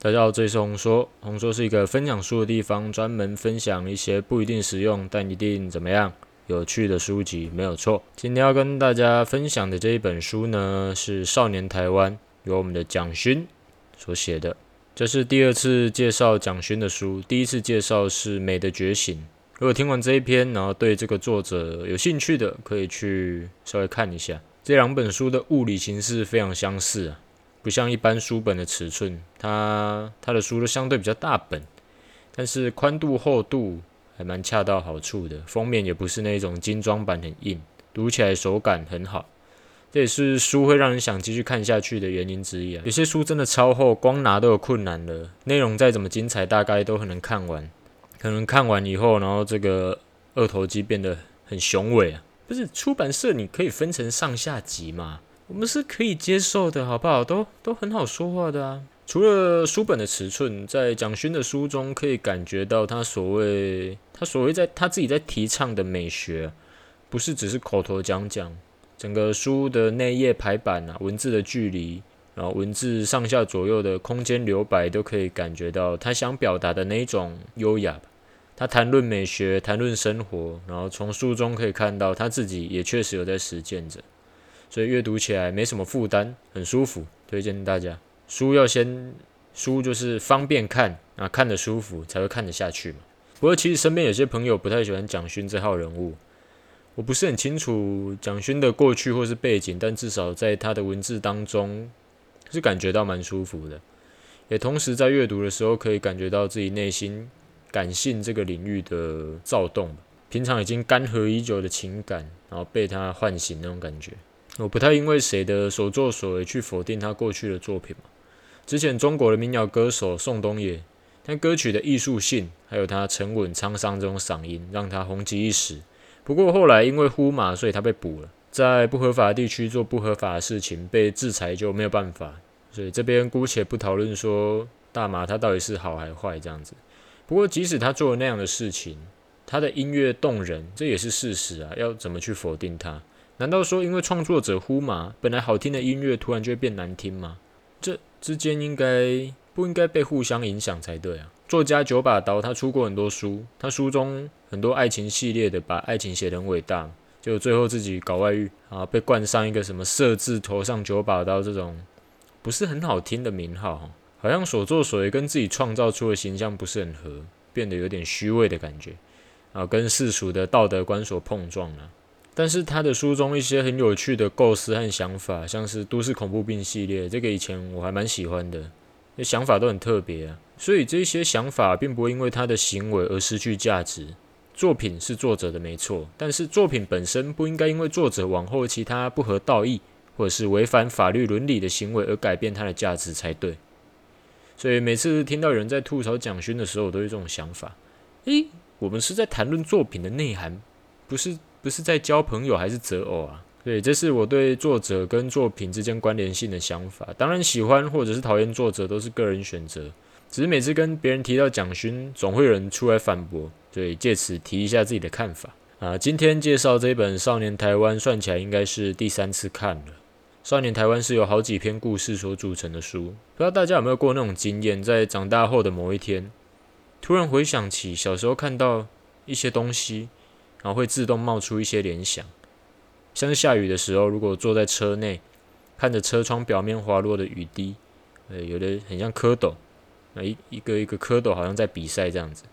大家好，這裡是紅說。紅說是一個分享書的地方，專門分享一些不一定實用但一定怎麼樣有趣的書籍，沒有錯。今天要跟大家分享的這一本書呢，是《少年台灣》，由我們的蔣勳所寫的。這是第二次介紹蔣勳的書，第一次介紹是《美的覺醒》。如果聽完這一篇，然後對這個作者有興趣的，可以去稍微看一下。這兩本書的物理形式非常相似啊。不像一般書本的尺寸，它它的書都相對比較大本，但是寬度厚度還蠻恰到好處的，封面也不是那種精裝版很硬，讀起來手感很好，這也是書會讓人想繼續看下去的原因之一啊。有些書真的超厚，光拿都有困難了，內容再怎麼精彩，大概都很難看完，可能看完以後，然後這個二頭肌變得很雄偉啊！不是出版社，你可以分成上下集嘛？我們是可以接受的，好不好？都都很好說話的啊。除了書本的尺寸，在蔣勳的書中可以感覺到他所謂，他所謂在他自己在提倡的美學，不是只是口頭講講。整個書的內頁排版啊，文字的距離，然後文字上下左右的空間留白，都可以感覺到他想表達的那一種優雅。他談論美學，談論生活，然後從書中可以看到他自己也確實有在實踐着。所以閱讀起來沒什麼負擔，很舒服，推薦大家。書要先書就是方便看啊，看得舒服才會看得下去嘛。不過其實身邊有些朋友不太喜歡蔣勳這號人物，我不是很清楚蔣勳的過去或是背景，但至少在他的文字當中是感覺到蠻舒服的，也同時在閱讀的時候可以感覺到自己內心感性這個領域的躁動，平常已經乾涸已久的情感，然後被他喚醒那種感覺。我不太因為誰的所作所為去否定他過去的作品。之前中國的民謠歌手宋冬野，他歌曲的藝術性，還有他沉穩滄桑這種嗓音，讓他紅極一時。不過後來因為呼麻，所以他被捕了，在不合法地區做不合法的事情，被制裁就沒有辦法。所以這邊姑且不討論說大麻他到底是好還壞這樣子。不過即使他做了那樣的事情，他的音樂動人，這也是事實啊。要怎麼去否定他？難道說因為創作者呼嘛，本來好聽的音樂突然就會變難聽嗎？這之間應該不應該被互相影響才對啊？作家九把刀他出過很多書，他書中很多愛情系列的，把愛情寫得很偉大，結果最後自己搞外遇，啊，被冠上一個什麼“色字頭上九把刀”這種不是很好聽的名號，好像所作所為跟自己創造出的形象不是很合，變得有點虛偽的感覺，啊，跟世俗的道德觀所碰撞了、啊。但是他的書中一些很有趣的構思和想法，像是《都市恐怖病》系列，這個以前我還蠻喜歡的，那想法都很特別啊。所以這些想法並不會因為他的行為而失去價值。作品是作者的沒錯，但是作品本身不應該因為作者往後其他不合道義或者是違反法律倫理的行為而改變它的價值才對。所以每次聽到有人在吐槽蔣勳的時候，我都有這種想法：誒、欸，我們是在談論作品的內涵，不是？不是在交朋友還是擇偶啊？對，這是我對作者跟作品之間關聯性的想法。當然，喜歡或者是討厭作者都是個人選擇。只是每次跟別人提到蔣勳，總會有人出來反駁，對，借此提一下自己的看法啊。今天介紹這一本《少年台灣》，算起來應該是第三次看了。《少年台灣》是有好幾篇故事所組成的書，不知道大家有沒有過那種經驗，在長大後的某一天，突然回想起小時候看到一些東西。然後會自動冒出一些聯想，像是下雨的時候，如果坐在車內，看着車窗表面滑落的雨滴，呃，有的很像蝌蚪，那一一個一個蝌蚪好像在比賽這樣子，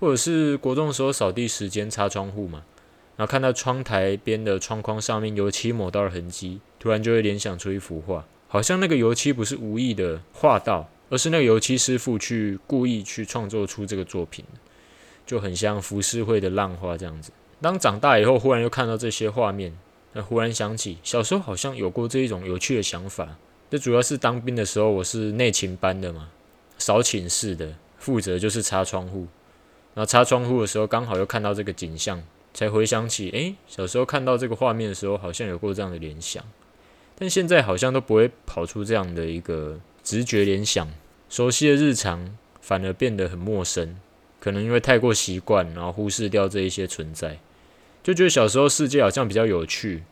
或者是國中的時候掃地時間擦窗戶嘛，然後看到窗台邊的窗框上面油漆抹到了痕跡，突然就會聯想出一幅畫，好像那個油漆不是無意的畫到，而是那個油漆師傅去故意去創作出這個作品。就很像浮世繪的浪花這樣子。當長大以後，忽然又看到這些畫面，那忽然想起小時候好像有過這一種有趣的想法。這主要是當兵的時候，我是內勤班的嘛，掃寢室的，負責就是擦窗戶。然後擦窗戶的時候，剛好又看到這個景象，才回想起，誒，小時候看到這個畫面的時候，好像有過這樣的聯想。但現在好像都不會跑出這樣的一個直覺聯想，熟悉的日常反而變得很陌生。可能因為太過習慣，然後忽視掉這一些存在，就覺得小時候世界好像比較有趣，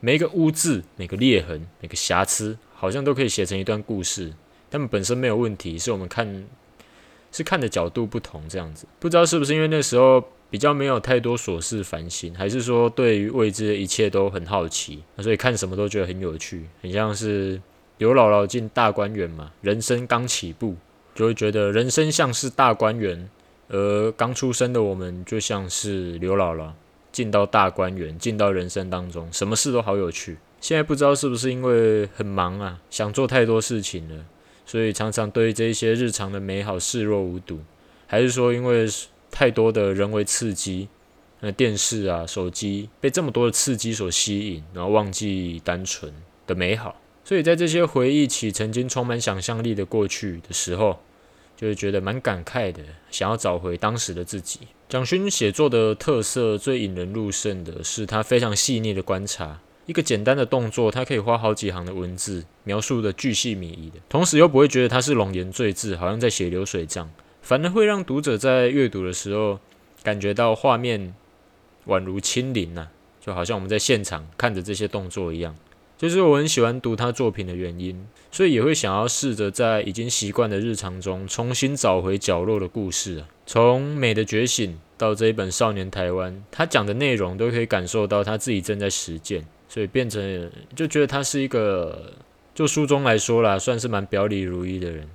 每一個污漬、每個裂痕、每個瑕疵，好像都可以寫成一段故事。他們本身沒有問題，是我們看是看的角度不同這樣子。不知道是不是因為那時候比較沒有太多瑣事煩心，還是說對於未知的一切都很好奇，所以看什麼都覺得很有趣。很像是劉姥姥進大觀園嘛，人生剛起步，就會覺得人生像是大觀園。而剛出生的我們，就像是劉姥姥進到大觀園，進到人生當中，什麼事都好有趣。現在不知道是不是因為很忙啊，想做太多事情了，所以常常對這些日常的美好視若無睹，還是說因為太多的人為刺激，那電視啊、手機被這麼多的刺激所吸引，然後忘記單純的美好。所以在這些回憶起曾經充滿想象力的過去的時候。就是覺得蠻感慨的，想要找回當時的自己。蔣勳寫作的特色最引人入勝的是他非常細膩的觀察，一個簡單的動作，他可以花好幾行的文字描述得巨細靡遺的，同時又不會覺得他是冗言贅字，好像在寫流水賬，反而會讓讀者在閱讀的時候感覺到畫面宛如親臨吶，就好像我們在現場看着這些動作一樣，就是我很喜歡讀他作品的原因，所以也會想要試着在已經習慣的日常中重新找回角落的故事。從《美的覺醒》到這一本《少年台灣》，他講的內容都可以感受到他自己正在實踐，所以變成就覺得他是一個就書中來說啦，算是蠻表裡如一的人。《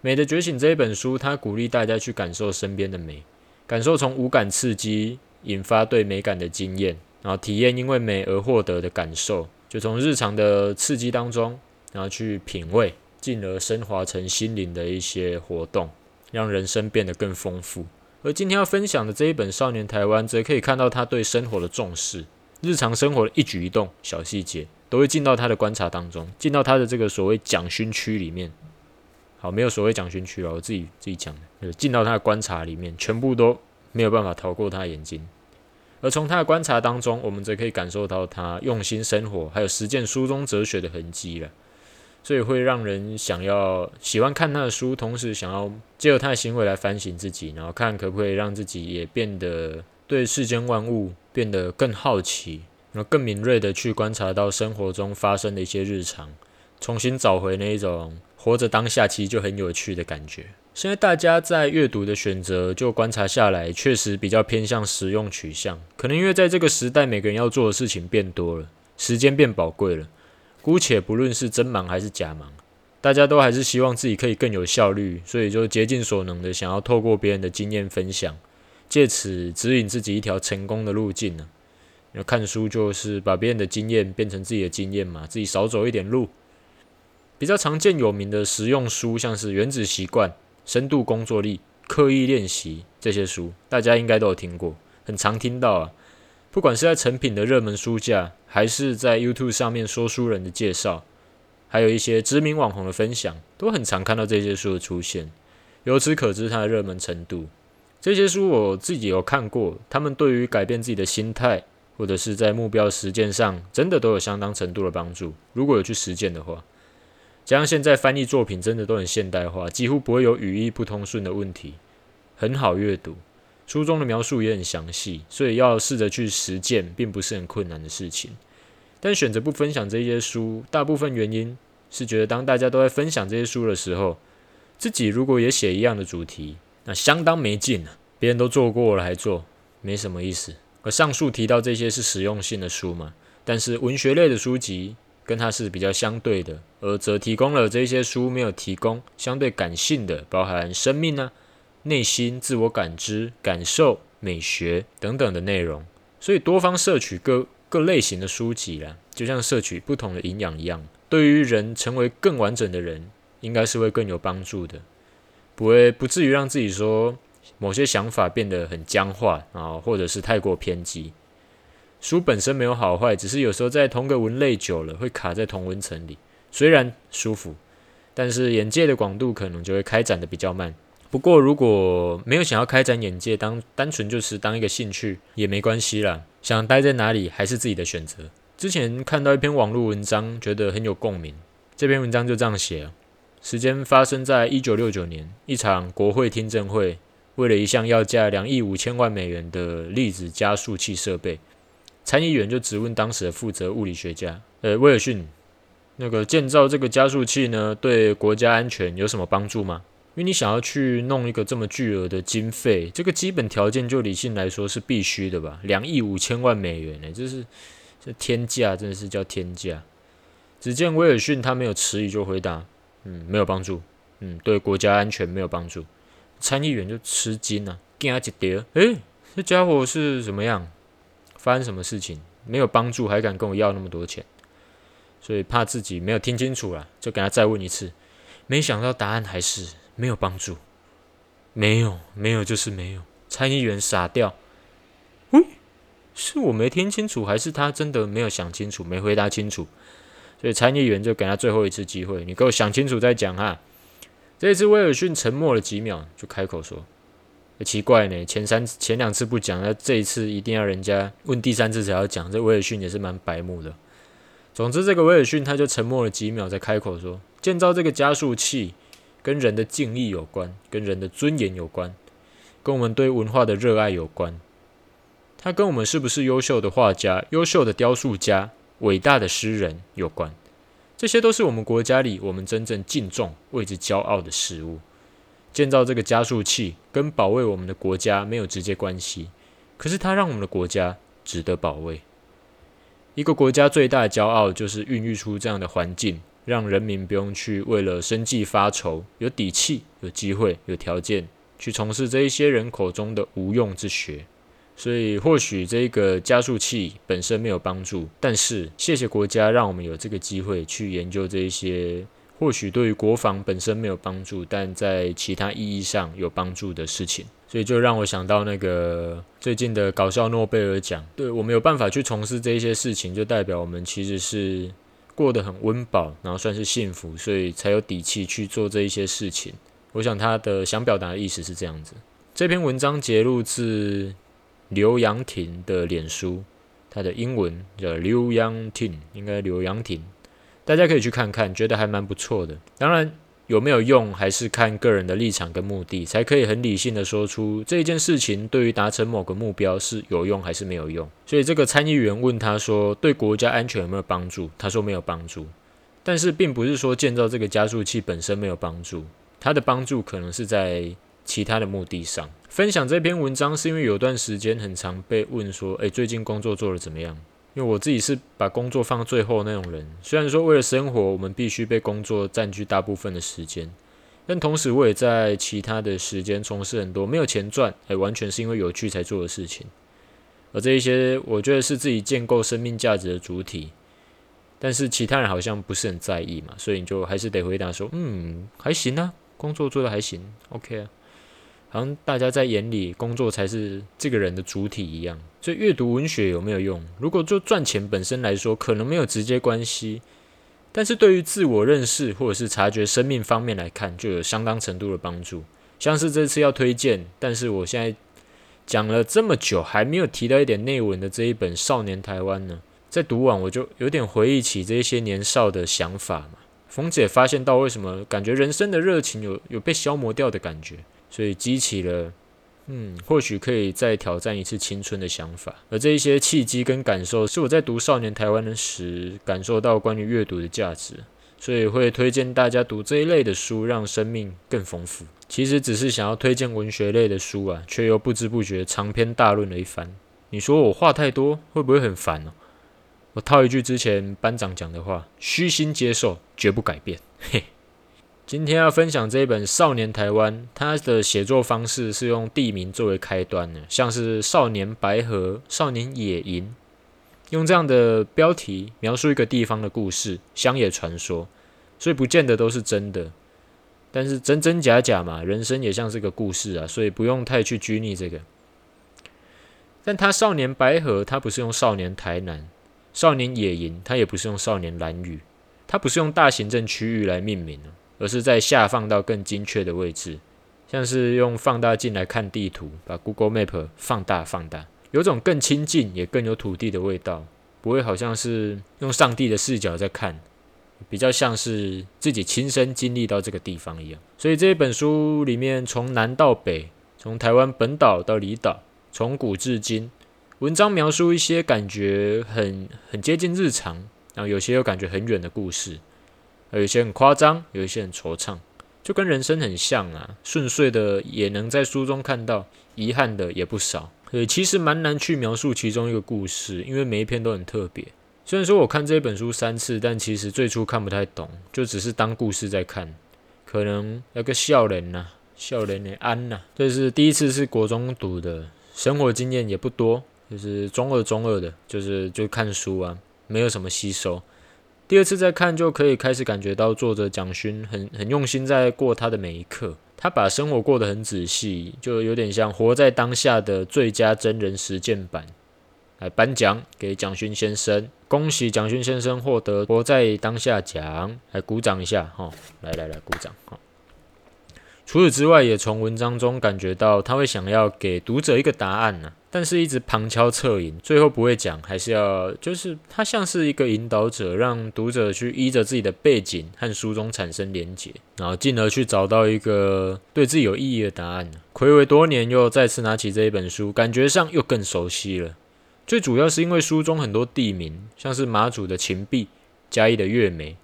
美的覺醒》這一本書，他鼓勵大家去感受身邊的美，感受從五感刺激引發對美感的經驗，然後體驗因為美而獲得的感受。就從日常的刺激當中，然後去品味，進而升華成心靈的一些活動，讓人生變得更豐富。而今天要分享的這一本《少年台灣》，則可以看到他對生活的重視，日常生活的一舉一動、小細節，都會進到他的觀察當中，進到他的這個所謂“蔣勳區”裡面。好，沒有所謂“蔣勳區”啊，我自己自己講的，就是進到他的觀察裡面，全部都沒有辦法逃過他的眼睛。而從他的觀察當中，我們則可以感受到他用心生活，還有實踐書中哲學的痕跡了。所以會讓人想要喜歡看他的書，同時想要借由他的行為來反省自己，然後看可不可以讓自己也變得對世間萬物變得更好奇，然後更敏銳的去觀察到生活中發生的一些日常，重新找回那一種活着當下其實就很有趣的感覺。現在大家在閱讀的選擇，就觀察下來，確實比較偏向實用取向。可能因為在這個時代，每個人要做的事情變多了，時間變寶貴了。姑且不論是真忙還是假忙，大家都還是希望自己可以更有效率，所以就竭盡所能的想要透過別人的經驗分享，借此指引自己一條成功的路徑呢。那看書，就是把別人的經驗變成自己的經驗嘛，自己少走一點路。比較常見有名的實用書，像是《原子習慣》。深度工作力、刻意練習，這些書大家應該都有聽過，很常聽到啊。不管是在成品的熱門書架，還是在 YouTube 上面說書人的介紹，還有一些知名網紅的分享，都很常看到這些書的出現。由此可知它的熱門程度。這些書我自己有看過，他們對於改變自己的心態，或者是在目標實踐上，真的都有相當程度的幫助。如果有去實踐的話。加上現在翻譯作品真的都很現代化，幾乎不會有語義不通順的問題，很好閱讀。書中的描述也很詳細，所以要試着去實踐，並不是很困難的事情。但選擇不分享這些書，大部分原因是覺得當大家都在分享這些書的時候，自己如果也寫一樣的主題，那相當沒勁啊，別人都做過了還做，沒什麼意思。而上述提到這些是實用性的書嘛，但是文學類的書籍。跟它是比較相對的，而則提供了這些書沒有提供，相對感性的，包含生命呢、啊、內心、自我感知、感受、美學等等的內容。所以多方攝取各各類型的書籍啦，就像攝取不同的營養一樣，對於人成為更完整的人，應該是會更有幫助的，不會不至於讓自己說某些想法變得很僵化啊，或者是太過偏激。書本身沒有好壞，只是有時候在同個文類久了，會卡在同文層裡，雖然舒服，但是眼界的廣度可能就會開展的比較慢。不過如果沒有想要開展眼界，當單純就是當一個興趣也沒關係啦。想待在哪裡還是自己的選擇。之前看到一篇網絡文章，覺得很有共鳴。這篇文章就這樣寫啊，時間發生在一九六九年，一場國會聽證會，為了一項要價兩億五千萬美元的粒子加速器設備。參議員就質問當時的負責物理學家，呃、欸，威爾遜，那個建造這個加速器呢，對國家安全有什麼幫助嗎？因為你想要去弄一個這麼巨額的經費，這個基本條件就理性來說是必須的吧？兩億五千萬美元呢、欸，這是這天價，真的是叫天價。只見威爾遜他沒有遲疑就回答，嗯，沒有幫助，嗯，對國家安全沒有幫助。參議員就吃驚了，嚇他一跳，哎、欸，這家伙是什麼樣？發生什麼事情？沒有幫助，還敢跟我要那麼多錢？所以怕自己沒有聽清楚了，就給他再問一次。沒想到答案還是沒有幫助，沒有，沒有就是沒有。參議員傻掉，喂、嗯，是我沒聽清楚，還是他真的沒有想清楚，沒回答清楚？所以參議員就給他最後一次機會，你給我想清楚再講哈、啊。這一次威爾遜沉默了幾秒，就開口說。奇怪呢、欸，前三前兩次不講，那這一次一定要人家問第三次才要講。這威爾遜也是蠻白目的。總之，這個威爾遜他就沉默了幾秒，再開口說：建造這個加速器跟人的敬意有關，跟人的尊嚴有關，跟我們對文化的熱愛有關。它跟我們是不是優秀的畫家、優秀的雕塑家、偉大的詩人有關。這些都是我們國家裡我們真正敬重、為之驕傲的事物。建造這個加速器跟保衛我們的國家沒有直接關係，可是它讓我們的國家值得保衛。一個國家最大的驕傲就是孕育出這樣的環境，讓人民不用去為了生計發愁，有底氣、有機會、有條件去從事這一些人口中的無用之學。所以或許這個加速器本身沒有幫助，但是謝謝國家讓我們有這個機會去研究這一些。或許對於國防本身沒有幫助，但在其他意義上有幫助的事情，所以就讓我想到那個最近的搞笑諾貝爾獎。對，我們有辦法去從事這一些事情，就代表我們其實是過得很溫飽，然後算是幸福，所以才有底氣去做這一些事情。我想他的想表達的意思是這樣子。這篇文章節錄自劉揚婷的臉書，他的英文叫劉揚婷，應該劉揚婷。大家可以去看看，覺得還蠻不錯的。當然，有沒有用，還是看個人的立場跟目的，才可以很理性的說出這一件事情對於達成某個目標是有用還是沒有用。所以，這個參議員問他說：“對國家安全有沒有幫助？”他說：“沒有幫助。”但是，並不是說建造這個加速器本身沒有幫助，它的幫助可能是在其他的目的上。分享這篇文章是因為有段時間很常被問說：“誒，最近工作做得怎麼樣？”我自己是把工作放最後的那種人，雖然說為了生活，我們必須被工作佔據大部分的時間，但同時我也在其他的時間從事很多沒有錢賺，哎、欸，完全是因為有趣才做的事情。而這一些，我覺得是自己建構生命價值的主體，但是其他人好像不是很在意嘛，所以你就還是得回答說，嗯，還行啊，工作做得還行，OK 啊。好像大家在眼裡，工作才是這個人的主體一樣。所以，閱讀文學有沒有用？如果就賺錢本身來說，可能沒有直接關係。但是對於自我認識或者是察覺生命方面來看，就有相當程度的幫助。像是這次要推薦，但是我現在講了這麼久，還沒有提到一點內文的這一本《少年台灣》呢。在讀完，我就有點回憶起這些年少的想法嘛。馮姐發現到，為什麼感覺人生的熱情有有被消磨掉的感覺？所以激起了，嗯，或許可以再挑戰一次青春的想法。而這一些契機跟感受，是我在讀《少年台灣》的時候，感受到關於閱讀的價值。所以會推薦大家讀這一類的書，讓生命更豐富。其實只是想要推薦文學類的書啊，卻又不知不覺長篇大論了一番。你說我話太多，會不會很煩哦、啊？我套一句之前班長講的話：虛心接受，絕不改變。嘿。今天要分享這一本《少年台灣》，它的寫作方式是用地名作為開端的，像是《少年白河》、《少年野銀》，用這樣的標題描述一個地方的故事、鄉野傳說，所以不見得都是真的。但是真真假假嘛，人生也像是個故事啊，所以不用太去拘泥這個。但他《少年白河》，他不是用《少年台南》、《少年野銀》，他也不是用《少年蘭嶼》，他不是用大行政區域來命名的。而是在下放到更精確的位置，像是用放大鏡來看地圖，把 Google Map 放大放大，有種更親近也更有土地的味道，不會好像是用上帝的視角在看，比較像是自己親身經歷到這個地方一樣。所以這一本書裡面，從南到北，從台灣本島到離島，從古至今，文章描述一些感覺很很接近日常，然後有些又感覺很遠的故事。有一些很誇張，有一些很惆悵，就跟人生很像啊。順遂的也能在書中看到，遺憾的也不少。其實蠻難去描述其中一個故事，因為每一篇都很特別。雖然說我看這本書三次，但其實最初看不太懂，就只是當故事在看。可能那個笑人吶，笑人的安吶、啊，這、就是第一次是國中讀的，生活經驗也不多，就是中二中二的，就是就看書啊，沒有什麼吸收。第二次再看就可以開始感覺到作者蔣勳很很用心在過他的每一刻，他把生活過得很仔細，就有點像活在當下的最佳真人實踐版。來頒獎給蔣勳先生，恭喜蔣勳先生獲得活在當下獎，來鼓掌一下哈，來來來鼓掌哈。除此之外，也從文章中感覺到他會想要給讀者一個答案呢、啊，但是一直旁敲側擊，最後不會講，還是要就是他像是一個引導者，讓讀者去依着自己的背景和書中產生連結，然後進而去找到一個對自己有意義的答案、啊。暌違多年，又再次拿起這一本書，感覺上又更熟悉了。最主要是因為書中很多地名，像是馬祖的芹壁、嘉義的月眉。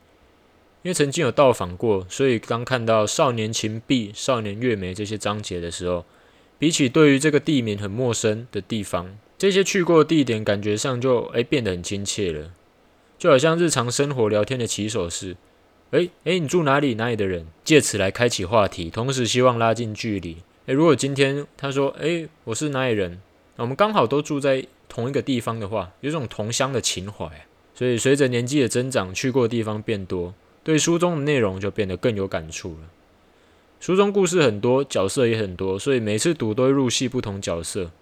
因為曾經有到訪過，所以剛看到少年秦璧、少年月眉這些章節的時候，比起對於這個地名很陌生的地方，這些去過的地點感覺上就哎變得很親切了，就好像日常生活聊天的起手式，哎誒，誒你住哪裡哪裡的人，借此來開啟話題，同時希望拉近距離。誒如果今天他說哎我是哪裡人，我們剛好都住在同一個地方的話，有種同鄉的情懷。所以隨着年紀的增長，去過的地方變多。對書中的內容就變得更有感觸了。書中故事很多，角色也很多，所以每次讀都會入戲不同角色。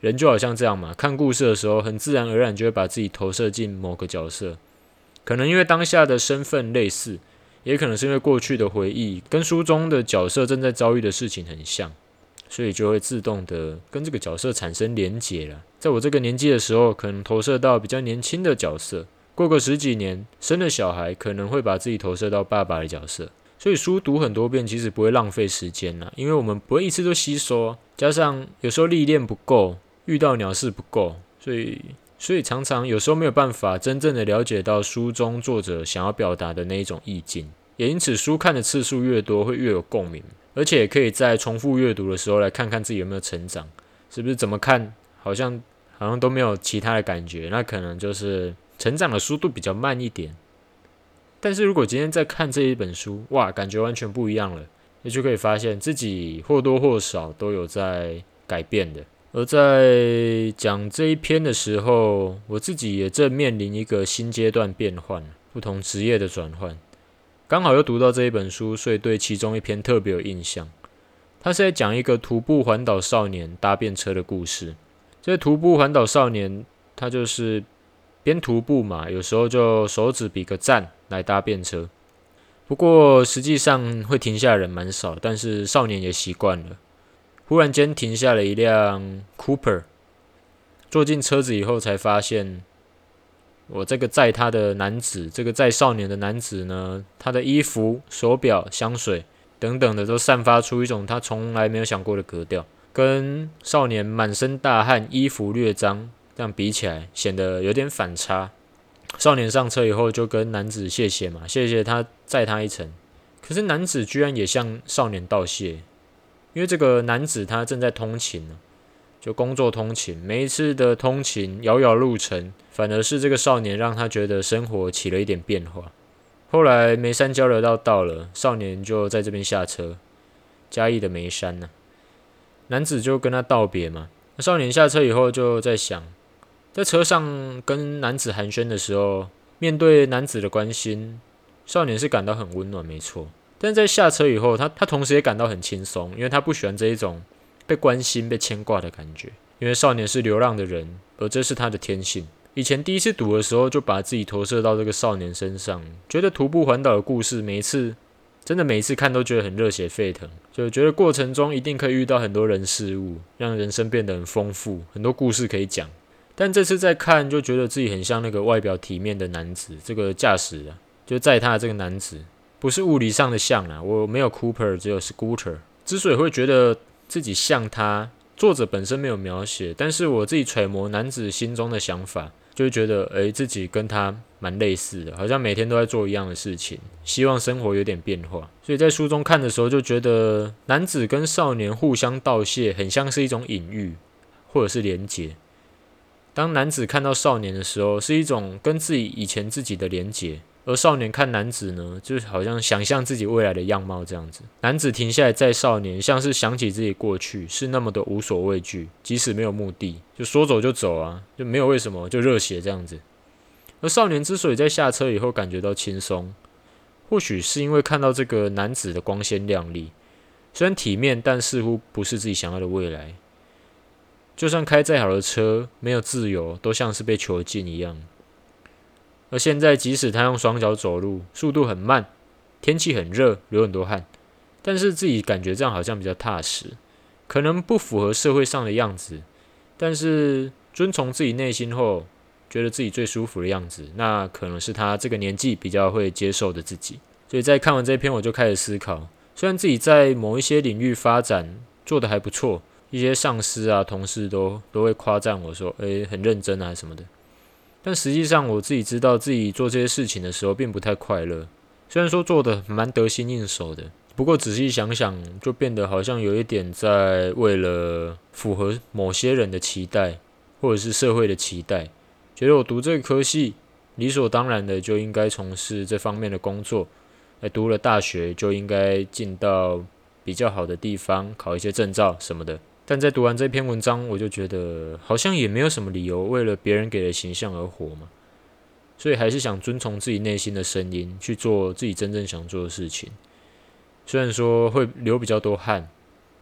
人就好像這樣嘛，看故事的時候很自然而然就會把自己投射進某個角色。可能因為當下的身份類似，也可能是因為過去的回憶跟書中的角色正在遭遇的事情很像，所以就會自動的跟這個角色產生連結了。在我這個年紀的時候，可能投射到比較年輕的角色。過個十幾年，生了小孩，可能會把自己投射到爸爸的角色。所以書讀很多遍，其實不會浪費時間啦，因為我們不會一次都吸收。加上有時候歷練不夠，遇到鳥事不夠，所以所以常常有時候沒有辦法真正的了解到書中作者想要表達的那一種意境。也因此，書看的次數越多，會越有共鳴，而且也可以在重複閱讀的時候來看看自己有沒有成長，是不是怎麼看好像好像都沒有其他的感覺，那可能就是。成長的速度比較慢一點，但是如果今天在看這一本書，哇，感覺完全不一樣了，也就可以發現自己或多或少都有在改變的。而在講這一篇的時候，我自己也正面臨一個新階段變換，不同職業的轉換，剛好又讀到這一本書，所以對其中一篇特別有印象。他是在講一個徒步環島少年搭便車的故事。這個徒步環島少年，他就是。邊徒步嘛，有時候就手指比個讚來搭便車。不過實際上會停下人蠻少，但是少年也習慣了。忽然間停下了一輛 Cooper，坐進車子以後才發現，我這個載他的男子，這個載少年的男子呢，他的衣服、手錶、香水等等的，都散發出一種他從來沒有想過的格調，跟少年滿身大汗、衣服略髒。這樣比起來顯得有點反差。少年上車以後就跟男子謝謝嘛，謝謝他載他一程。可是男子居然也向少年道謝，因為這個男子他正在通勤，就工作通勤，每一次的通勤遙遙路程，反而是這個少年讓他覺得生活起了一點變化。後來梅山交流道到，到了，少年就在這邊下車，嘉義的梅山呢、啊，男子就跟他道別嘛。那少年下車以後就在想。在車上跟男子寒暄的時候，面對男子的關心，少年是感到很溫暖，沒錯。但在下車以後，他他同時也感到很輕鬆，因為他不喜歡這一種被關心、被牽掛的感覺。因為少年是流浪的人，而這是他的天性。以前第一次讀的時候，就把自己投射到這個少年身上，覺得徒步環島的故事，每一次真的每一次看都覺得很熱血沸騰，就覺得過程中一定可以遇到很多人事物，讓人生變得很豐富，很多故事可以講。但這次再看，就覺得自己很像那個外表體面的男子。這個駕駛，就載他的這個男子，不是物理上的像啊。我沒有 Cooper，只有 Scooter。之所以會覺得自己像他，作者本身沒有描寫，但是我自己揣摩男子心中的想法，就會覺得，哎、欸，自己跟他蠻類似的，好像每天都在做一樣的事情，希望生活有點變化。所以在書中看的時候，就覺得男子跟少年互相道謝，很像是一種隱喻，或者是連結。當男子看到少年的時候，是一種跟自己以前自己的連結；而少年看男子呢，就好像想象自己未來的樣貌這樣子。男子停下來載少年，像是想起自己過去是那麼的無所畏懼，即使沒有目的，就說走就走啊，就沒有為什麼，就熱血這樣子。而少年之所以在下車以後感覺到輕鬆，或許是因為看到這個男子的光鮮亮麗，雖然體面，但似乎不是自己想要的未來。就算開再好的車，沒有自由，都像是被囚禁一樣。而現在，即使他用雙腳走路，速度很慢，天氣很熱，流很多汗，但是自己感覺這樣好像比較踏實。可能不符合社會上的樣子，但是遵從自己內心後，覺得自己最舒服的樣子，那可能是他這個年紀比較會接受的自己。所以在看完這篇，我就開始思考，雖然自己在某一些領域發展做得還不錯。一些上司啊、同事都都會誇讚我說：“誒、欸，很認真啊什麼的。”但實際上，我自己知道自己做這些事情的時候並不太快樂。雖然說做的蠻得心應手的，不過仔細想想，就變得好像有一點在為了符合某些人的期待，或者是社會的期待，覺得我讀這科系理所當然的就應該從事這方面的工作，哎，讀了大學就應該進到比較好的地方，考一些證照什麼的。但在讀完這篇文章，我就覺得好像也沒有什麼理由為了別人給的形象而活嘛，所以還是想遵從自己內心的聲音，去做自己真正想做的事情。雖然說會流比較多汗，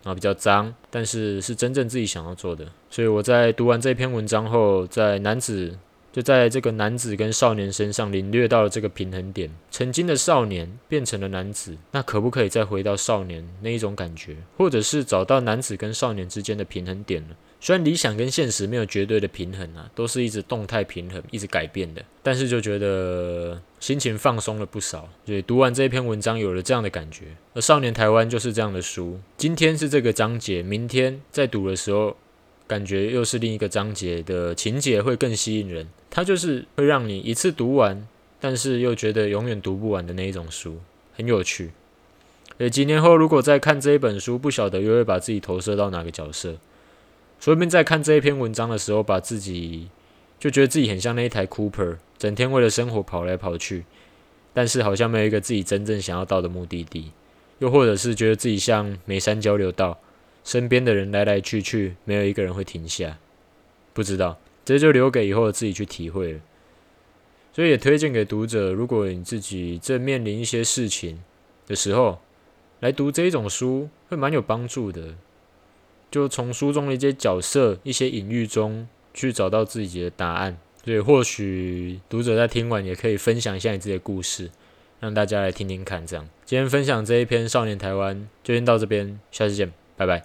然後比較髒，但是是真正自己想要做的。所以我在讀完這篇文章後，在男子。就在這個男子跟少年身上領略到了這個平衡點，曾經的少年變成了男子，那可不可以再回到少年那一種感覺，或者是找到男子跟少年之間的平衡點呢？雖然理想跟現實沒有絕對的平衡啊，都是一直動態平衡，一直改變的，但是就覺得心情放鬆了不少。所以讀完這一篇文章有了這樣的感覺。而《少年台灣》就是這樣的書。今天是這個章節，明天再讀的時候。感覺又是另一個章節的情節會更吸引人，它就是會讓你一次讀完，但是又覺得永遠讀不完的那一種書，很有趣。哎，幾年後如果再看這一本書，不曉得又會把自己投射到哪個角色。說不定在看這一篇文章的時候，把自己就覺得自己很像那一台 Cooper，整天為了生活跑來跑去，但是好像沒有一個自己真正想要到的目的地。又或者是覺得自己像梅山交流道。身邊的人來來去去，沒有一個人會停下。不知道，這就留給以後自己去體會了。所以也推薦給讀者，如果你自己正面臨一些事情的時候，來讀這一種書會蠻有幫助的。就從書中的一些角色、一些隱喻中去找到自己的答案。所以或許讀者在聽完也可以分享一下你自己的故事，讓大家來聽聽看。這樣，今天分享這一篇《少年台灣》就先到這邊，下期見，拜拜。